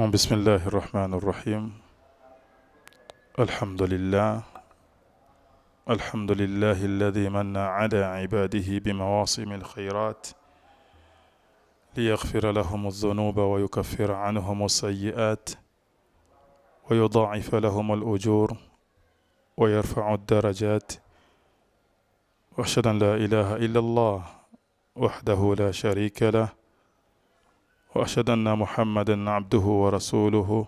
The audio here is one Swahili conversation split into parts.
بسم الله الرحمن الرحيم الحمد لله الحمد لله الذي من على عباده بمواسم الخيرات ليغفر لهم الذنوب ويكفر عنهم السيئات ويضاعف لهم الأجور ويرفع الدرجات واشهد أن لا إله إلا الله وحده لا شريك له واشهد ان محمدا عبده ورسوله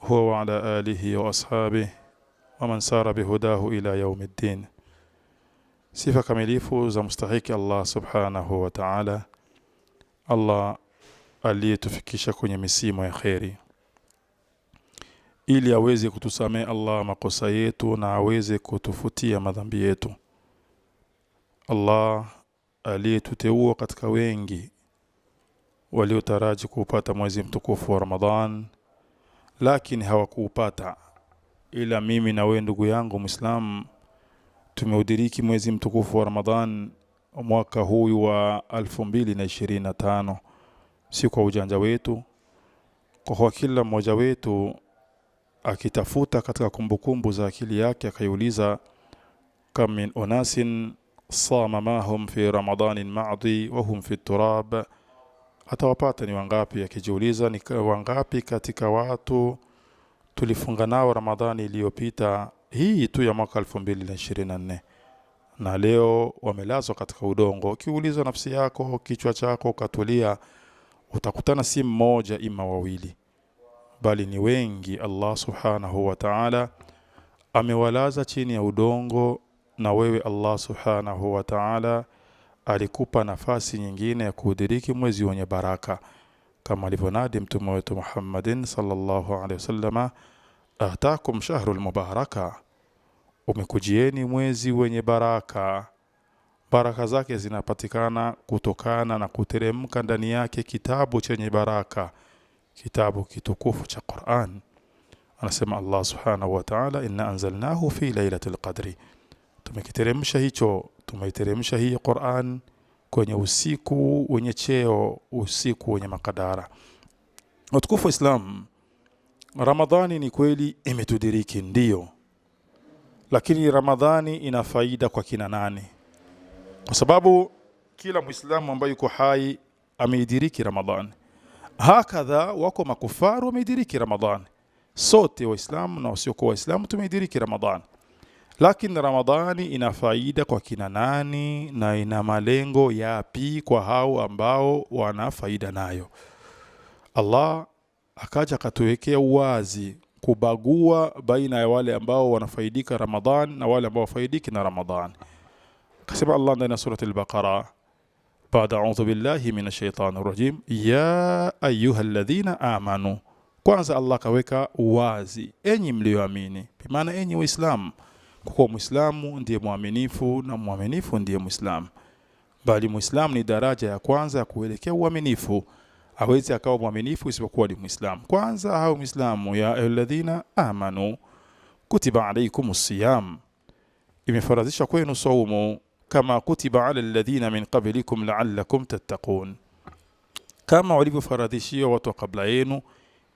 هو وعلى اله واصحابه ومن سار بهداه الى يوم الدين sifa kamilifu za mustahiki Allah subhanahu wa ta'ala Allah aliyetufikisha kwenye misimo ya kheri ili aweze kutusamea Allah makosa yetu na aweze kutufutia madhambi yetu Allah aliyetuteua katika wengi waliotaraji kuupata mwezi mtukufu wa Ramadhan lakini hawakuupata ila mimi na wewe ndugu yangu muislam tumeudiriki mwezi mtukufu wa Ramadhan mwaka huu wa 2025 si kwa ujanja wetu kwa kuwa kila mmoja wetu akitafuta katika kumbukumbu za akili yake akaiuliza kam min unasin sama mahum fi ramadanin ma'di wa hum fi turab atawapata ni wangapi? Akijiuliza ni wangapi katika watu tulifunga nao Ramadhani iliyopita hii tu ya mwaka 2024 na leo wamelazwa katika udongo. Ukiuliza nafsi yako, kichwa chako, ukatulia, utakutana si mmoja ima wawili, bali ni wengi. Allah subhanahu wa ta'ala amewalaza chini ya udongo, na wewe Allah subhanahu wa ta'ala alikupa nafasi nyingine ya kuudiriki mwezi wenye baraka kama alivyonadi mtume wetu Muhammadin sallallahu alaihi wasallama, atakum shahrul mubaraka, umekujieni mwezi wenye baraka. Baraka zake zinapatikana kutokana na kuteremka ndani yake kitabu chenye baraka, kitabu kitukufu cha Qur'an. Anasema Allah subhanahu wa ta'ala, inna anzalnahu fi lailatul qadri, tumekiteremsha hicho tumeiteremsha hii Qur'an kwenye usiku wenye cheo, usiku wenye makadara. Watukufu wa Islam, Ramadhani ni kweli imetudiriki ndiyo, lakini Ramadhani ina faida kwa kina nani? Kwa sababu kila Muislamu ambaye yuko hai ameidiriki Ramadhani, hakadha wako makufaru wameidiriki Ramadhani. Sote Waislamu na wasiokuwa Waislamu tumeidiriki Ramadhani. Lakini Ramadhani ina faida kwa kina nani na ina malengo yapi kwa hao ambao wana faida nayo? Allah akaja akatuwekea uwazi kubagua baina ya wale ambao wanafaidika Ramadhan na wale ambao wafaidiki na Ramadhan. Kasema Allah ndani ya surati al-Baqara, baada a'udhu billahi minash shaitani rajim, ya alladhina amanu. Kwanza Allah kaweka uwazi, enyi mlioamini, bimaana enyi Waislamu kwa kuwa Mwislamu ndiye mwaminifu na mwaminifu ndiye Mwislamu, bali Mwislamu ni daraja ya kwanza ya kuelekea uaminifu. awezi akawa mwaminifu isipokuwa ni Mwislamu. Kwanza awe Mwislamu. ya alladhina amanu kutiba alaykum siyam, imefaradhishwa kwenu saumu kama kutiba ala alladhina min qablikum la'allakum tattaqun, kama walivyofaradhishiwa watu wa kabla yenu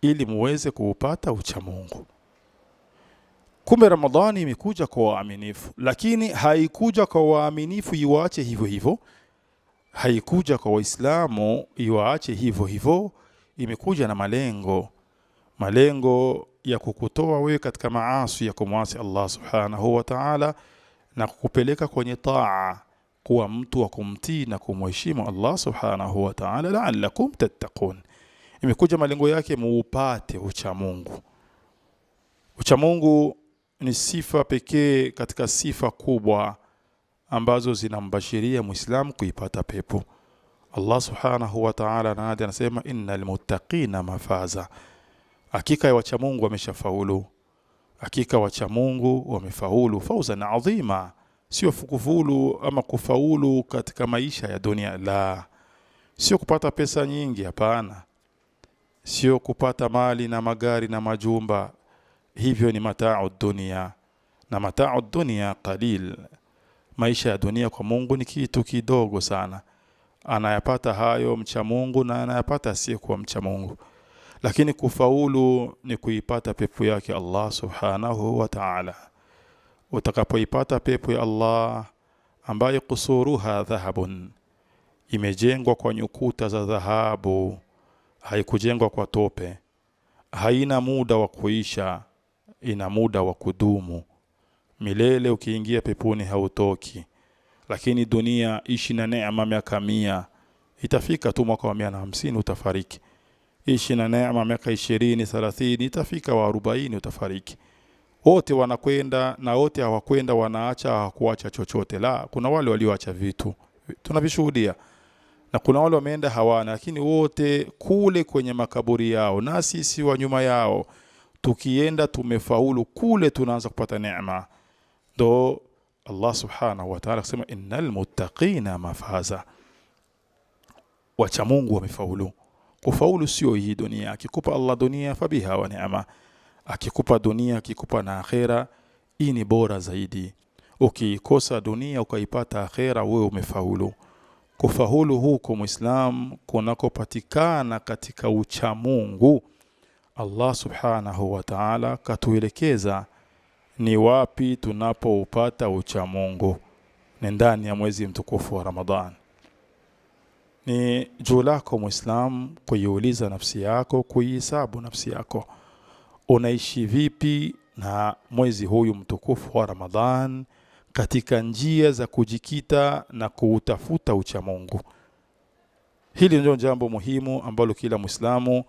ili muweze kuupata uchamungu Mungu. Kumbe Ramadhani imekuja kwa waaminifu, lakini haikuja kwa waaminifu iwaache hivyo hivyo, haikuja kwa Waislamu iwaache hivyo hivyo. Imekuja na malengo, malengo ya kukutoa wewe katika maasi ya kumwasi Allah subhanahu wa ta'ala, na kukupeleka kwenye taa, kuwa mtu wa kumtii na kumheshimu Allah subhanahu wa ta'ala. La'allakum tattaqun, imekuja malengo yake muupate uchamungu, uchamungu ni sifa pekee katika sifa kubwa ambazo zinambashiria Muislamu kuipata pepo. Allah subhanahu wa ta'ala naadi anasema innal muttaqina mafaza, hakika ya wacha Mungu wameshafaulu, hakika wacha Mungu wamefaulu fauzan adhima, sio fukufulu ama kufaulu katika maisha ya dunia la, sio kupata pesa nyingi, hapana, sio kupata mali na magari na majumba hivyo ni mataa dunia, na mataa dunia qalil, maisha ya dunia kwa Mungu ni kitu kidogo sana. Anayapata hayo mcha Mungu na anayapata asiyekuwa mcha Mungu, lakini kufaulu ni kuipata pepo yake Allah subhanahu wa ta'ala. Utakapoipata pepo ya Allah ambayo kusuruha dhahabun, imejengwa kwa nyukuta za dhahabu, haikujengwa kwa tope, haina muda wa kuisha ina muda wa kudumu milele. Ukiingia peponi hautoki, lakini dunia ishi na neema miaka mia. Itafika tu mwaka wa mia na hamsini utafariki. Ishi na neema miaka ishirini thelathini, itafika wa arobaini utafariki. Wote wanakwenda na wote hawakwenda, wanaacha hawakuacha chochote. La, kuna wale walioacha vitu tunavishuhudia na kuna wale wameenda hawana, lakini wote kule kwenye makaburi yao na sisi wa nyuma yao tukienda tumefaulu kule tunaanza kupata neema ndo Allah subhanahu wa ta'ala akasema innal muttaqina mafaza wacha Mungu wamefaulu kufaulu sio hii dunia akikupa Allah dunia fabiha wa neema akikupa dunia akikupa na akhera hii ni bora zaidi ukiikosa dunia ukaipata akhera wewe umefaulu kufaulu huko muislam kunakopatikana katika ucha Mungu Allah subhanahu wa ta'ala katuelekeza ni wapi tunapoupata ucha Mungu ni ndani ya mwezi mtukufu wa Ramadhan ni juu lako Muislam kuiuliza nafsi yako kuihesabu nafsi yako unaishi vipi na mwezi huyu mtukufu wa Ramadhan katika njia za kujikita na kuutafuta ucha Mungu hili ndio jambo muhimu ambalo kila Muislamu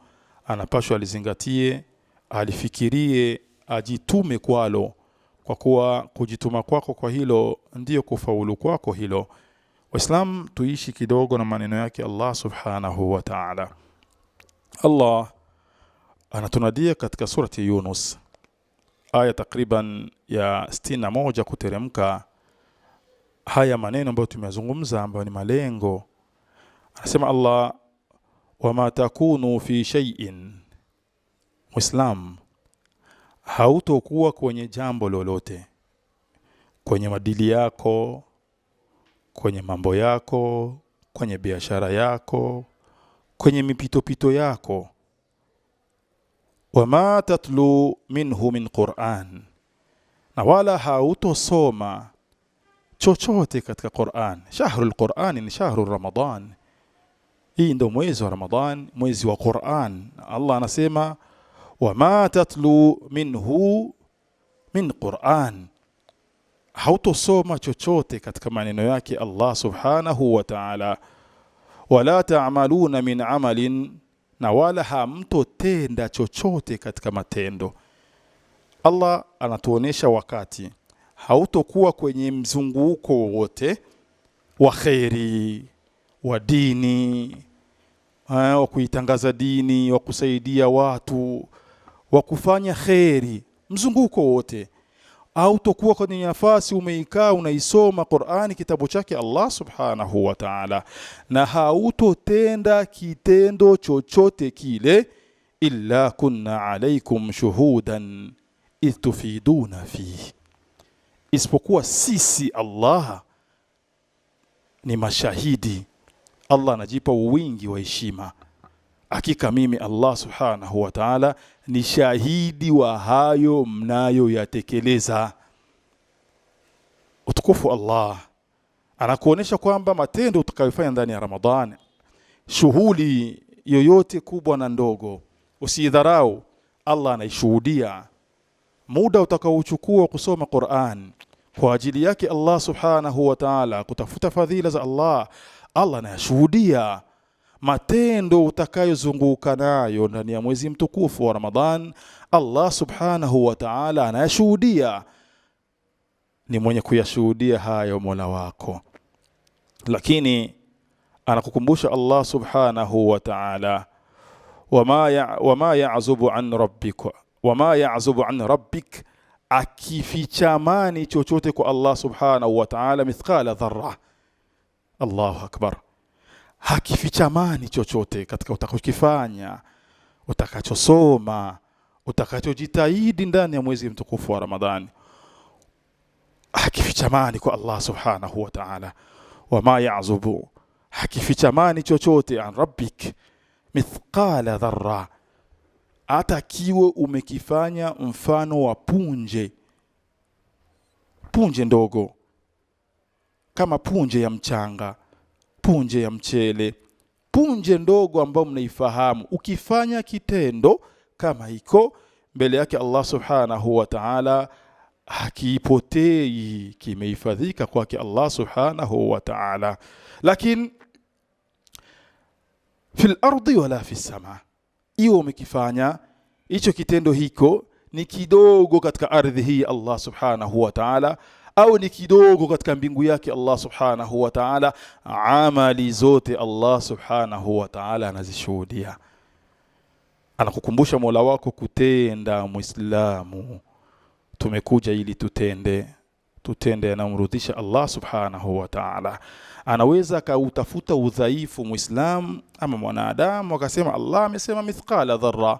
anapashwa alizingatie, alifikirie, ajitume kwalo, kwa kuwa kujituma kwako kwa hilo ndiyo kufaulu kwako hilo. Waislamu, tuishi kidogo na maneno yake Allah subhanahu wa ta'ala. Allah anatunadia katika surati Yunus aya takriban ya moja kuteremka haya maneno ambayo tumeyazungumza ambayo ni malengo. Anasema Allah wama takunu fi shay'in, Muislam hautokuwa kwenye jambo lolote, kwenye madili yako, kwenye mambo yako, kwenye biashara yako, kwenye mipitopito yako, wama tatlu minhu min Qur'an, na wala hautosoma chochote katika Qur'an. Shahru lqurani ni shahru Ramadan hii ndio mwezi wa Ramadhan, mwezi wa Qur'an. Allah anasema wama tatlu minhu min Qur'an, hautosoma chochote katika maneno yake Allah subhanahu wa ta'ala. Wala ta'maluna min amalin, na wala hamtotenda chochote katika matendo. Allah anatuonesha wakati hautokuwa kwenye mzunguko wowote wa kheri wa dini Eh, wa kuitangaza dini, wa kusaidia watu, wa kufanya kheri, mzunguko wote au tokuwa kwenye nafasi umeikaa unaisoma Qur'ani kitabu chake Allah subhanahu wa ta'ala, na hautotenda kitendo chochote kile, illa kunna alaikum shuhudan tufiduna fihi, isipokuwa sisi Allah ni mashahidi Allah anajipa wingi wa heshima. Hakika mimi Allah subhanahu wa ta'ala ni shahidi wa hayo mnayoyatekeleza. Utukufu Allah anakuonesha kwamba matendo utakayofanya ndani ya Ramadhani, shughuli yoyote kubwa na ndogo, usidharau. Allah anaishuhudia. Muda utakaochukua kusoma Qur'an kwa ajili yake Allah subhanahu wa ta'ala, kutafuta fadhila za Allah Allah anayashuhudia matendo utakayozunguka nayo ndani ya mwezi mtukufu wa Ramadhan. Allah subhanahu wa ta'ala anayashuhudia, ni mwenye kuyashuhudia hayo mola wako, lakini anakukumbusha Allah subhanahu wa ta'ala, wama yazubu an rabbik wama yazubu an rabbik, akifichamani chochote kwa Allah subhanahu wa ta'ala mithqala dharra Allahu akbar, hakificha amani chochote katika utakachokifanya, utakachosoma, utakachojitahidi ndani ya mwezi mtukufu wa Ramadhani, hakificha amani kwa Allah subhanahu wa ta'ala. Wama yazubu, hakificha amani chochote an rabbik mithqala dharra, hata kiwe umekifanya mfano wa punje punje ndogo kama punje ya mchanga, punje ya mchele, punje ndogo ambayo mnaifahamu. Ukifanya kitendo kama hiko mbele yake Allah subhanahu wa ta'ala, hakipotei, kimehifadhika kwake Allah subhanahu wa ta'ala. Lakini fil ardi wala fi sama, iwe umekifanya hicho kitendo hiko ni kidogo katika ardhi hii Allah subhanahu wa ta'ala au ni kidogo katika mbingu yake Allah subhanahu wa ta'ala. Amali zote Allah subhanahu wa ta'ala anazishuhudia. Anakukumbusha Mola wako kutenda. Muislamu, tumekuja ili tutende tutende anamrudhisha Allah subhanahu wa ta'ala. Anaweza akautafuta udhaifu Muislam ama mwanadamu akasema, Allah amesema mithqala dharra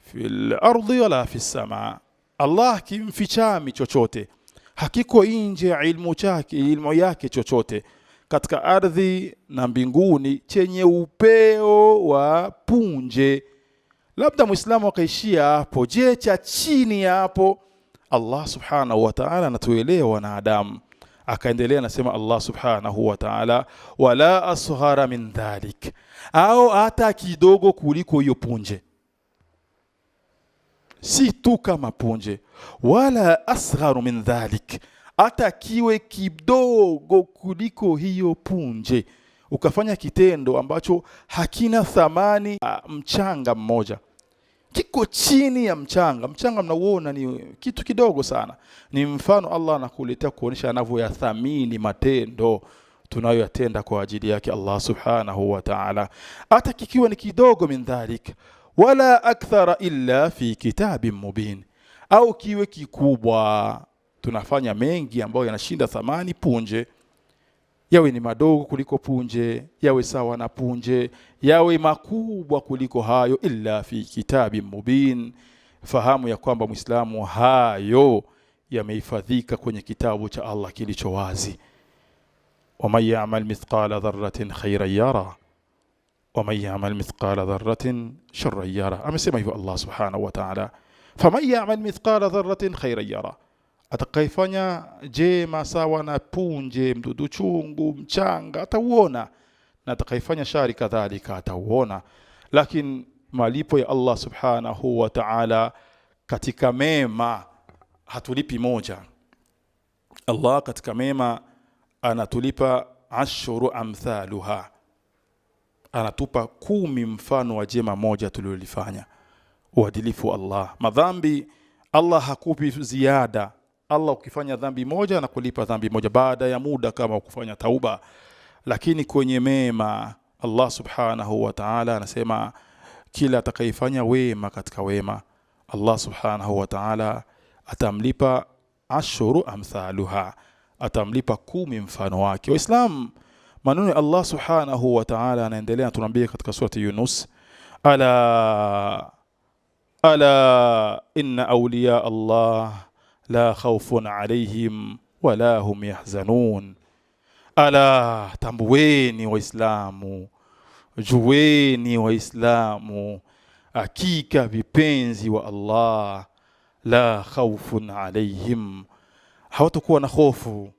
fil ardi wala fis samaa, Allah kimfichami chochote hakiko nje ya ilmu chake ilmu yake chochote katika ardhi na mbinguni chenye upeo wa punje. Labda Muislamu akaishia hapo. Je, cha chini ya hapo? Allah subhanahu wa ta'ala anatuelewa wanadamu. Akaendelea anasema Allah subhanahu wa ta'ala, wala asghara min dhalik, au hata kidogo kuliko hiyo punje si tu kama punje, wala asgharu min dhalik, hata kiwe kidogo kuliko hiyo punje, ukafanya kitendo ambacho hakina thamani. Mchanga mmoja kiko chini ya mchanga, mchanga mnauona ni kitu kidogo sana. Ni mfano Allah anakuletea kuonyesha anavyoyathamini matendo tunayoyatenda kwa ajili yake Allah subhanahu wa ta'ala, hata kikiwa ni kidogo min dhalik wala akthara illa fi kitabin mubin, au kiwe kikubwa. Tunafanya mengi ambayo yanashinda thamani punje, yawe ni madogo kuliko punje, yawe sawa na punje, yawe makubwa kuliko hayo. Illa fi kitabin mubin, fahamu ya kwamba Mwislamu hayo yamehifadhika kwenye kitabu cha Allah kilicho wazi. waman yamal mithqala dharratin khairan yara ومن يعمل مثقال ذرة شرا يرى أما سيما الله سبحانه وتعالى فمن يعمل مثقال ذرة خيرا يرى أتقيفانيا جيما ساوانا بون جيم دودو چونغو مچانغ أتوونا نتقيفانيا شارك ذلك أتوونا لكن ما ليبو يا الله سبحانه وتعالى كتك ميما هتوليب موجا الله كتك ميما أنا توليب عشر أمثالها anatupa kumi mfano wa jema moja tulilolifanya. Uadilifu Allah, madhambi Allah hakupi ziada. Allah ukifanya dhambi moja na kulipa dhambi moja baada ya muda kama ukufanya tauba, lakini kwenye mema Allah subhanahu wa ta'ala anasema kila atakayefanya wema katika wema Allah subhanahu wa ta'ala atamlipa ashuru amthaluha, atamlipa kumi mfano wake. Waislamu maneno Allah subhanahu wa ta'ala anaendelea tunaambia katika surati Yunus ala ala inna awliya Allah la khawfun alayhim wala hum yahzanun ala tambueni waislamu jueni waislamu hakika vipenzi wa Allah la khawfun alayhim hawatakuwa na hofu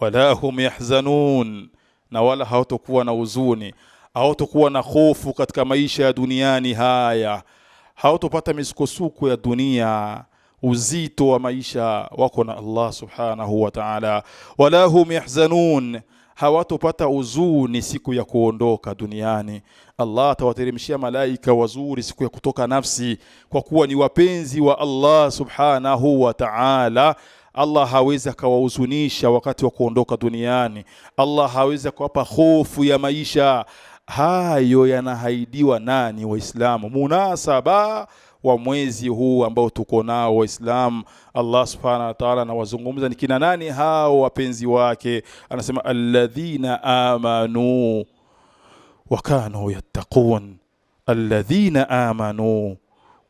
wala hum yahzanun na wala hawatokuwa na huzuni, hawatokuwa na hofu katika maisha ya duniani haya, hawatopata misukosuko ya dunia uzito wa maisha wako na Allah subhanahu wa ta'ala. Wala hum yahzanun, hawatopata uzuni siku ya kuondoka duniani. Allah atawateremshia malaika wazuri siku ya kutoka nafsi, kwa kuwa ni wapenzi wa Allah subhanahu wa ta'ala. Allah hawezi akawahuzunisha wakati wa kuondoka duniani. Allah hawezi akawapa hofu ya maisha. Hayo yanahaidiwa nani? Waislamu, munasaba wa mwezi huu ambao tuko nao Waislamu. Allah subhanahu wa ta'ala anawazungumza ni kina nani hao? Wapenzi wake, anasema alladhina amanu wa kanu yattaqun, alladhina amanu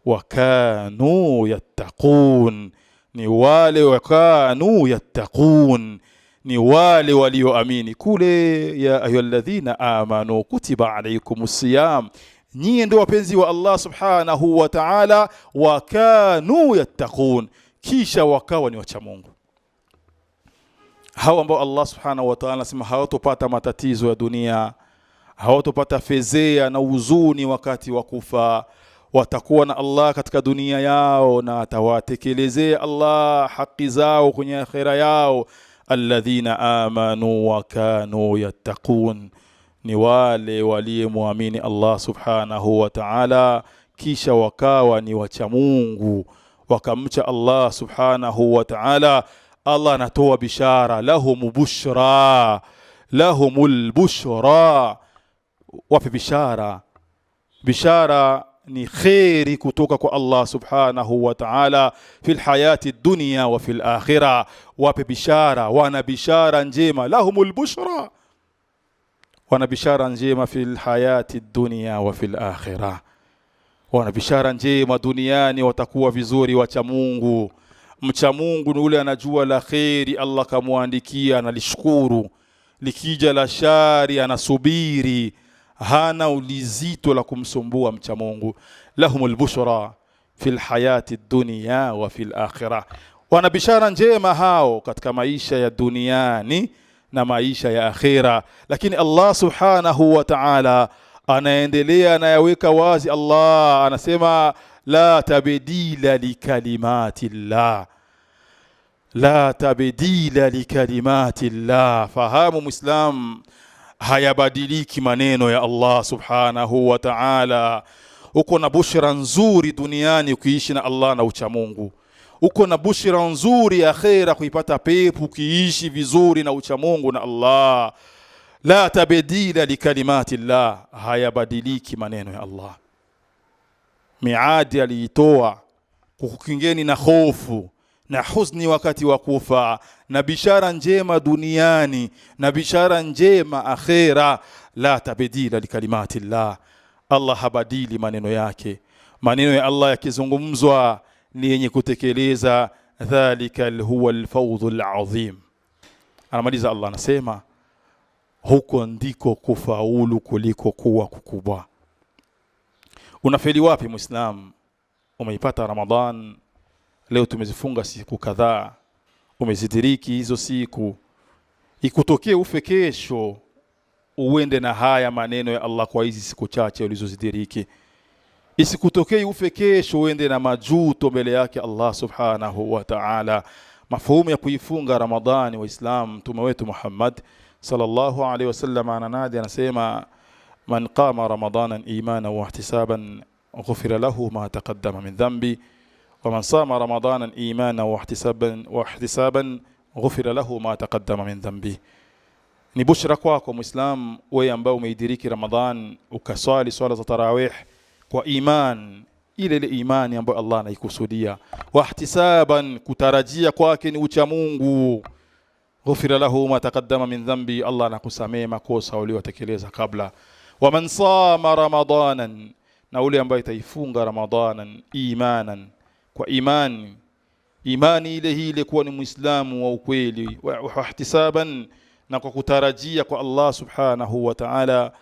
wa kanu yattaqun ni wale wakanu yattaqun, ni wale walioamini. Kule ya ayyuhalladhina amanu kutiba alaykumus siyam, nyinyi ndio wapenzi wa Allah subhanahu wa ta'ala. Wakanu yattaqun, kisha wakawa ni wacha Mungu. Hao ambao Allah subhanahu wa ta'ala anasema hawatopata matatizo ya dunia, hawatopata fezea na huzuni wakati wa kufa watakuwa na Allah katika dunia yao na atawatekelezea Allah haki zao kwenye akhera yao. Alladhina amanu wa kanu yattaqun, ni wale waliyemwamini Allah subhanahu wa ta'ala, kisha wakawa ni wacha Mungu wakamcha Allah subhanahu wa ta'ala. Allah anatoa bishara, lahum bushra lahumul bushra, wapi bishara bishara ni kheri kutoka kwa Allah subhanahu wa ta'ala, fi lhayati dunya wa fi akhira. Wape bishara, wana bishara njema, lahum lbushra wana bishara njema fi hayati dunya wa fi akhira, wana bishara njema duniani, watakuwa vizuri, wacha Mungu. Mcha Mungu ni ule anajua la kheri Allah kamwandikia, analishukuru. Likija la shari, anasubiri hana ulizito la kumsumbua mcha Mungu. Lahumul bushra fil hayati dunya wa fil akhirah, wana bishara njema hao katika maisha ya duniani na maisha ya akhira. Lakini Allah subhanahu wa ta'ala anaendelea anayaweka wazi. Allah anasema la tabdila likalimati llah, la tabdila likalimati llah. Fahamu Muislam hayabadiliki maneno ya Allah subhanahu wa ta'ala. Uko na bushra nzuri duniani ukiishi na Allah na ucha Mungu. Uko na bushra nzuri ya akhera kuipata pepo ukiishi vizuri na ucha Mungu na Allah. La tabdila likalimati Allah, hayabadiliki maneno ya Allah. Miadi aliitoa kukukingeni na hofu na huzni wakati wa kufa na bishara njema duniani na bishara njema akhera. La tabdila likalimati llah, Allah habadili maneno yake. Maneno ya Allah yakizungumzwa ni yenye kutekeleza. Dhalika huwa alfawdhu alazim. Anamaliza Allah anasema, huko ndiko kufaulu kuliko kuwa kukubwa. Unafeli wapi Muislam? Umeipata Ramadhan Leo tumezifunga siku kadhaa, umezidiriki hizo siku, ikutokee ufe kesho, uende na haya maneno ya Allah kwa hizi siku chache ulizozidiriki. Isikutokee ufe kesho, uende na majuto mbele yake Allah subhanahu wa ta'ala. Mafhumu ya kuifunga Ramadhani, Waislamu, mtume wetu Muhammad sallallahu alaihi wasallam ananadi, anasema man qama imana wa ihtisaban ghufira lahu ma taqaddama min dhanbi waman sama ramadanan imana wahtisaban wahtisaban ghufira lahu ma taqaddama min dhanbi. Ni bushra kwako Muislam wewe ambao umeidiriki Ramadhan ukaswali swala za tarawih kwa iman ile ile imani ambayo Allah anaikusudia, wahtisaban, kutarajia kwake ni ucha Mungu. Ghufira lahu ma taqaddama min dhanbi, Allah anakusamee makosa uliyotekeleza kabla. Waman sama ramadanan, na ule ambaye itaifunga Ramadanan imanan kwa imani, imani ile ile kuwa ni muislamu wa ukweli, wa ihtisaban, na kwa kutarajia kwa Allah subhanahu wa ta'ala,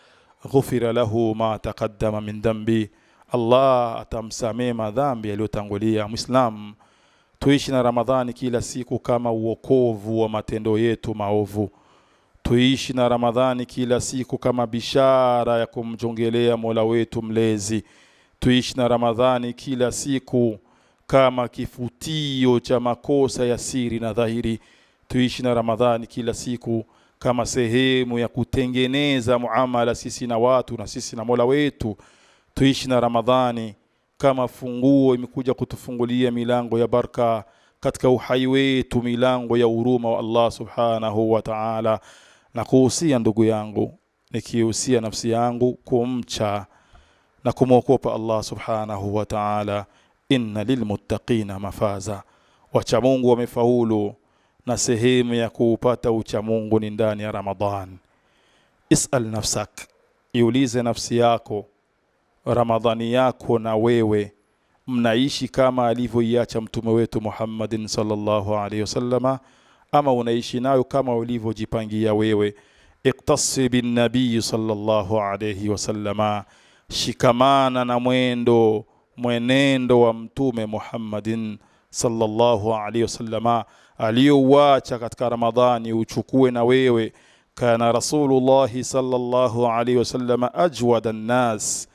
ghufira lahu ma taqaddama min dhanbi, Allah atamsamee madhambi yaliyotangulia. Muislam, tuishi na Ramadhani kila siku kama uokovu wa matendo yetu maovu tuishi na Ramadhani kila siku kama bishara ya kumjongelea Mola wetu mlezi. Tuishi na Ramadhani kila siku kama kifutio cha makosa ya siri na dhahiri. Tuishi na Ramadhani kila siku kama sehemu ya kutengeneza muamala sisi na watu na sisi na Mola wetu. Tuishi na Ramadhani kama funguo imekuja kutufungulia milango ya baraka katika uhai wetu, milango ya huruma wa Allah subhanahu wa ta'ala. Na kuhusia ndugu yangu, nikihusia nafsi yangu kumcha na kumwokopa Allah subhanahu wa ta'ala inna lilmuttaqina mafaza wachamungu wamefaulu na sehemu ya kuupata uchamungu ni ndani ya Ramadhan. Isal nafsak, iulize nafsi yako, Ramadhani yako na wewe mnaishi kama alivyoiacha mtume wetu Muhammadin sallallahu alaihi wasallama, ama unaishi nayo kama ulivyojipangia wewe. Iktasi bin nabii sallallahu alaihi wasallama, shikamana na mwendo mwenendo wa Mtume Muhammadin sallallahu alaihi wasallama aliyouacha katika Ramadhani uchukue na wewe. Kana rasulullahi sallallahu alaihi wasallama ajwada nnas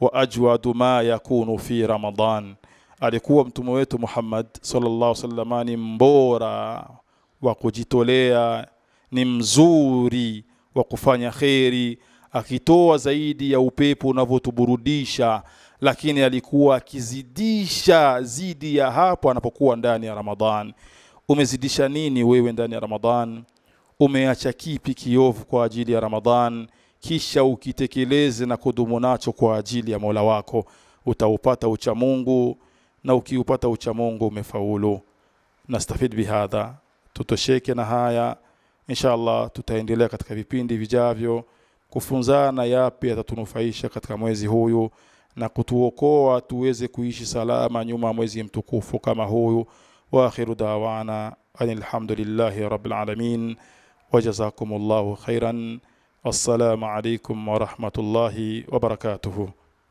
wa ajwadu ma yakunu fi Ramadhan, alikuwa mtume wetu Muhammad sallallahu alaihi wasallama ni mbora wa kujitolea, ni mzuri wa kufanya kheri, akitoa zaidi ya upepo unavyotuburudisha lakini alikuwa akizidisha zidi ya hapo anapokuwa ndani ya Ramadhan. Umezidisha nini wewe ndani ya Ramadhan? Umeacha kipi kiovu kwa ajili ya Ramadhan, kisha ukitekeleze na kudumu nacho kwa ajili ya Mola wako, utaupata ucha Mungu, na ukiupata ucha Mungu umefaulu. Nastafid bihadha, tutosheke na haya. inshallah. tutaendelea katika vipindi vijavyo kufunzana yapi yatatunufaisha katika mwezi huyu na kutuokoa tuweze kuishi salama nyuma mwezi mtukufu kama huyu. Wa akhiru dawana alhamdulillahi rabbil alamin wa jazakumullahu khairan. Wassalamu alaikum wa rahmatullahi wa barakatuh.